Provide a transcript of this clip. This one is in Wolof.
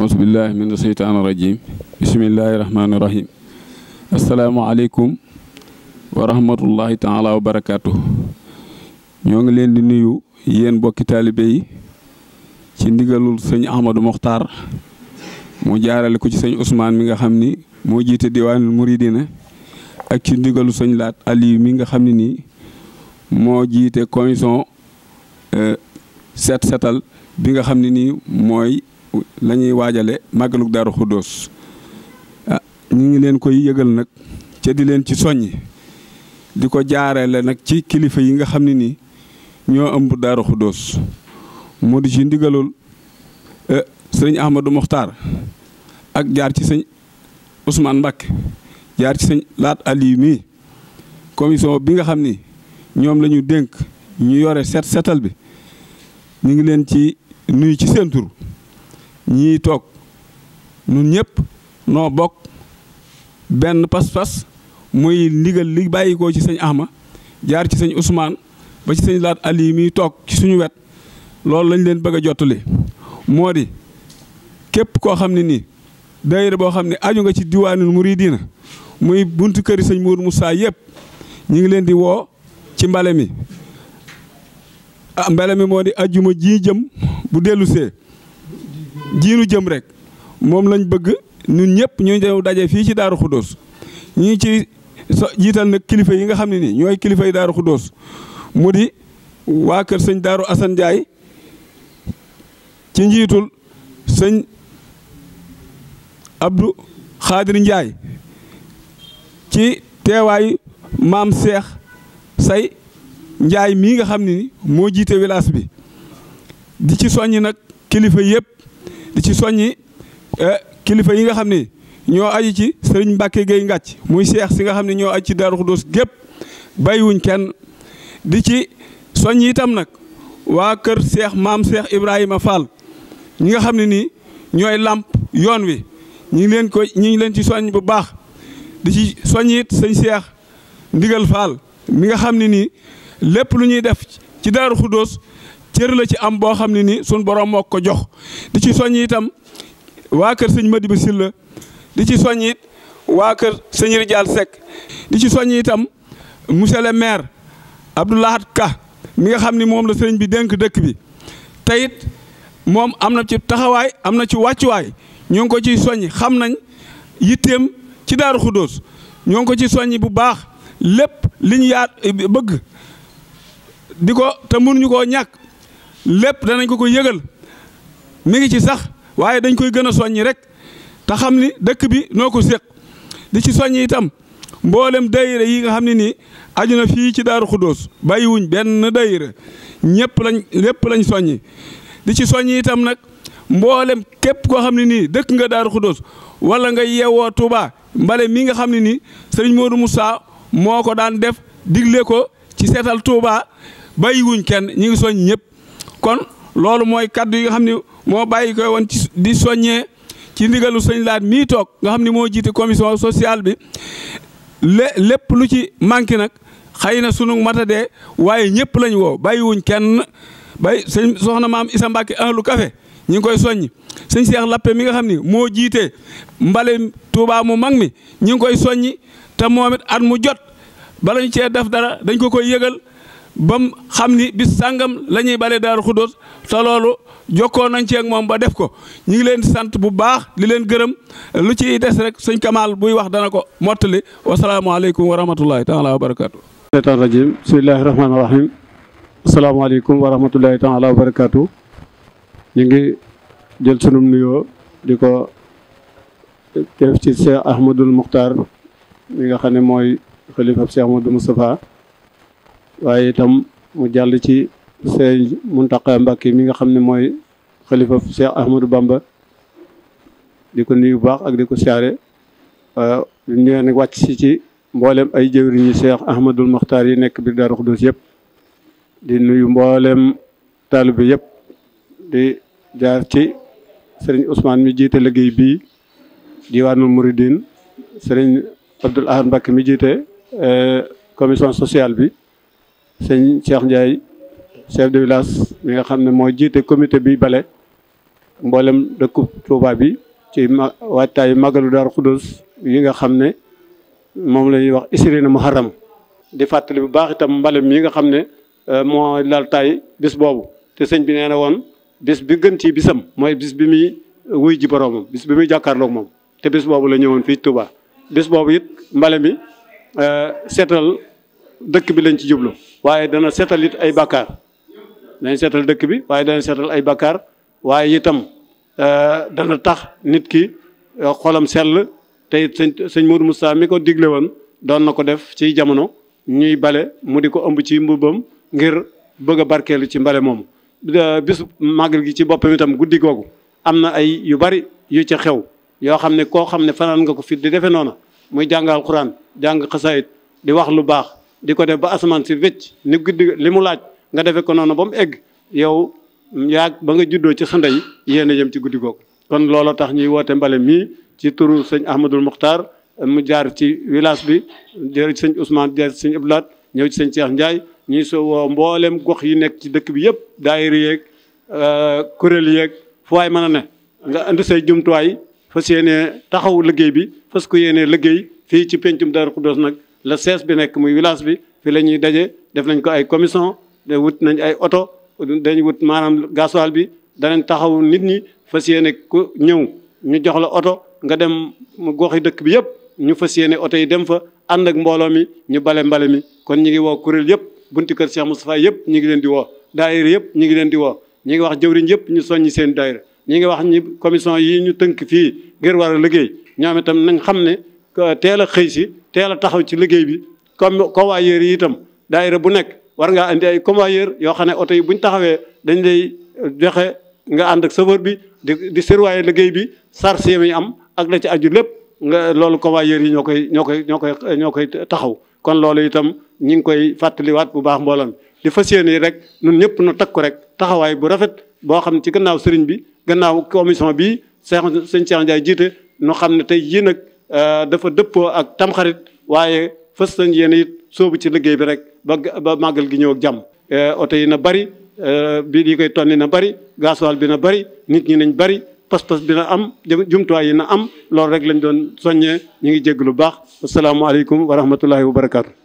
auzu billaahi mina seytaani rajiim bismillaahi rahmaani rahiim assalaamu aleykum wa rahmatullahi taala wa ñoo ngi leen di nuyu yéen bokki taalibe yi ci ndigalul sëñ Ahmadou Mokhtar mu jaarale ko ci sëñ Ousmane mi nga xam ni moo jiite diwaanul muridina ak ci ndigalu sëñ mi nga xam ne nii moo jiite commission euh, set bi nga xam ne nii mooy la ñuy waajale màggalug daaru xuddoos ah, ñu ngi leen koy yëgal nag ca di leen ci soññ di ko jaareele nag ci kilifa yi nga xam ne nii ñoo ëmb daaru xuddoos moo di ci ndigalul eh, sëriñ Ahmadou Mokhtar ak jaar ci sëñ Ousmane Mbacke jaar ci sëñ Laat Ali mii bi nga xam ni ñoom la ñu dénk ñu yore set bi ñu ngi leen ci nuyu ci seen tur ñii toog ñun ñëpp noo bokk benn pas-pas muy ndigal li bàyyikoo ci sañ Axma jaar ci sëñ Ousmane ba ci sëñ Laat Ali mi toog ci suñu wet loolu lañ leen bëgg a jottali moo di képp koo xam ne nii daayira boo xam ne aju nga ci diwaanul muridiina muy buntu këri sëñ Mourou Moussa yëpp ñu ngi leen di woo ci mbale mi ah mbale mi moo di ajjuma ji jëm bu dellusee jiinu jëm rek moom lañ bëgg ñun ñëpp ñu ñëw daje fii ci Daaru Xuddoos ñi ci jiital nag kilifa yi nga xam ne ni ñooy kilifa yi Daaru Xuddoos mu di waa kër sëñ Daaru Assane Ndiaye ci njiitul sëñ Abdou Khadir njaay ci teewaayu maam seex Say njaay mii nga xam ne ni moo jiite village bi di ci soññ nag kilifa yëpp di ci soññi eh, kilifa yi nga xam ni ñoo aju ci sëriñ Mbacke Gueye Ngathie muy seex si nga xam ne ñoo aju ci Darou Khoudoss gépp bàyyiwuñ kenn di ci soññi itam nag waa kër seex maam seex Ibrahima Fall ñi nga xam ne nii ñooy làmp yoon wi ñi leen ko ñi ngi leen ci soññ bu baax di ci soññ it sëñ seex ndigal Fall mi nga xam ne nii lépp lu ñuy def ci Darou Khoudoss cër la ci am boo xam ne nii suñ borom moo ko jox di ci soññ itam waa kër sëñ ma Madiba Sylla di ci soñ it waa kër sëñ Ridial Seck di ci soñ itam monsieur le maire Abdou Lahad Ka mi nga xam ni moom la sëriñ bi dénk dëkk bi te it moom am na ci taxawaay am na ci wàccuwaay ñoo ngi ko ciy soññ xam nañ yitteem ci Daaru Xudóos ñoo ngi ko ci soññ bu baax lépp li ñu yaat bëgg di ko te mënuñu koo ñàkk lépp danañ ko ko yëgal mi ngi ci sax waaye dañ koy gën a soññi rek te xam ni dëkk bi noo ko séq di ci soññ itam mboolem dayira yi nga xam ne nii aju na fii ci Daaru Xuddoos bàyyiwuñ benn dayira ñëpp lañ lépp lañ soññ di ci soññ itam nag mboolem képp koo xam ne nii dëkk nga Daaru Xuddoos wala nga yeewoo Touba mbale mi nga xam ne nii sëriñ Modou Moussa moo ko daan def digle ko ci seetal Touba bàyyiwuñ kenn ñu ngi soññ ñëpp. kon loolu mooy kaddu yi nga xam ne moo bàyyi koy woon ci di soññee ci ndigalu sëñ Laat mii toog nga xam ni moo jiite commission sociale bi lépp lu ci manqué nag xëy na sunu matadee waaye ñëpp lañ woo bàyyiwuñ kenn bay sëñ soxna maam Isa Mbàkke ahlu kafe ñu ngi koy soññ sëñ Seex Lappe mi nga xam ni moo jiite mbale Tuubaa mu mag mi ñu ngi koy soññ te moom at mu jot balañu ñu cee def dara dañ ko koy yëgal ba xam ni bi sàngam lañuy ñuy balee daaru xudóos te loolu jokkoo nañ ci ak moom ba def ko ñu ngi leen sant bu baax di leen gërëm lu ci des rek sëñ Kamaal buy wax dana ko mottali wasalaamaaleykum wa rahmatullahi taala wa barakaatu seytaan rajim bismillahi rahmaani rahim asalaamaaleykum wa rahmatullahi taala wa barakaatu ñu ngi jël sunum nuyoo di ko def ci Cheikh Ahmadul Muxtaar mi nga xam ne mooy xalifab Cheikh Ahmadou Moustapha waaye itam mu jàll ci sëñ Muntaqa Mbàkke mi nga xam ne mooy xalifa Cheikh Ahmadou Bamba di ko nuyu bu baax ak di ko siyaare ñu euh, nag wàcc si ci mboolem ay jëwriñu Cheikh Ahmadul Maxtaar yi nekk biir Daaru Xudoos yëpp di nuyu mboolem bi yëpp di jaar ci sëriñ Ousmane mi jiite liggéey bii diwaanul Mouridine sëriñ Abdoul Ahad Mbàkke mi jiite euh, commission sociale bi sëñ Cheikh Ndiaye de village mi nga xam ne moo jiite comité bi bale mboolem dëkku Touba bi ci ma waajtaayu màggalu Daaru Xuddoos yi nga xam ne moom la ñuy wax isrina muharram di fàttali bu baax itam mbale yi nga xam ne euh, moo lal taay bis boobu te sëñ bi nee na woon bis bi gën ci bisam mooy bis bi muy wuy ji boroomam bis bi muy jàkkaarloog moom te bis boobu la ñëwoon fii Touba bis boobu it mbale mi euh, seetal dëkk bi lañ ci jublu waaye dana seetal it ay bàkkaar dana seetal dëkk bi waaye dana seetal ay bàkkaar waaye itam euh, dana tax nit ki euh, xolam sell te it sëñ sëñ Modou Moustapha mi ko digle woon doon na ko def ci jamono ñuy bale mu di ko ëmb ci mbubbam ngir bëgg a barkeelu ci mbale moomu. Euh, bisu màggal gi ci boppam itam guddi googu am na ay yu bari yu ci xew yoo xam ne koo xam ne fanaan nga ko fit di defee noona muy jàngal Alxuraan jàng xasaayit di wax lu baax. di ko def ba asamaan si wécc ni guddi li mu laaj nga defee ko noonu ba mu egg yow yaag ba nga juddoo ci sa ndey yéen a yem ci guddi googu kon looloo tax ñuy woote mbale mii ci turu sëñ Ahmadul Muxtaar mu jaar ci village bi jërëjëf sëñ Ousmane jaar ci sëñ ñëw ci sëñ Cheikh Ndiaye ñuy soo woo mboolem gox yi nekk ci dëkk bi yëpp daayira yeeg euh, kuréel yeeg fu waay mën ne nga indi say jumtuwaay fas yéenee taxaw liggéey bi fas ko yéenee liggéey fii ci pencum Daaru Xuddoos nag la sees bi nekk muy village bi fi la ñuy daje def nañ ko ay commission de wut nañ ay oto dañ wut maanaam gasoil bi danañ taxaw nit ñi fas yéene ku ñëw ñu jox la oto nga dem goxi dëkk bi yëpp ñu fas yéene oto yi dem fa ànd ak mbooloo mi ñu bale mbale mi kon ñu ngi woo kuréel yëpp bunti kër Cheikh Moustapha yëpp ñu ngi leen di woo daayira yëpp ñu ngi leen di woo ñu ngi wax jëwriñ yëpp ñu soññi seen daayira ñu ngi wax ñi commission yi ñu tënk fii ngir war a liggéey ñoom itam nañ xam ne teel a xëy si teel a taxaw ci liggéey bi comme convoyeur yi itam daayira bu nekk war ngaa andi ay convoyeur yoo xam ne oto yi buñ taxawee dañ lay joxe nga ànd ak chauffeur bi di di surveiller liggéey bi sarse mi am ak la ci aju lépp nga loolu convoyeur yi ñoo koy ñoo koy ñoo koy ñoo koy taxaw kon loolu itam ñi ngi koy fàttaliwaat bu baax mbooloo mi di fas yéene rek ñun ñëpp nu takku rek taxawaay bu rafet boo xam ci gannaaw sëriñ bi gannaaw commission bi Cheikh sëñ Cheikh Ndiaye jiite noo xam ne tey jii nag Euh, dafa dëppoo ak tamxarit waaye fës nañ yéen it soobu ci liggéey bi rek ba ba gi ñëw ak jàmm. Euh, oto yi na bari euh, bi yi koy yi na bari gasoil bi na bari nit ñi nañ bari pas-pas bi na am jumtuwaay yi na am loolu rek lañ doon soññee ñu ngi jégg lu baax asalaamualeykum wa rahmatullahi wa barakaatu.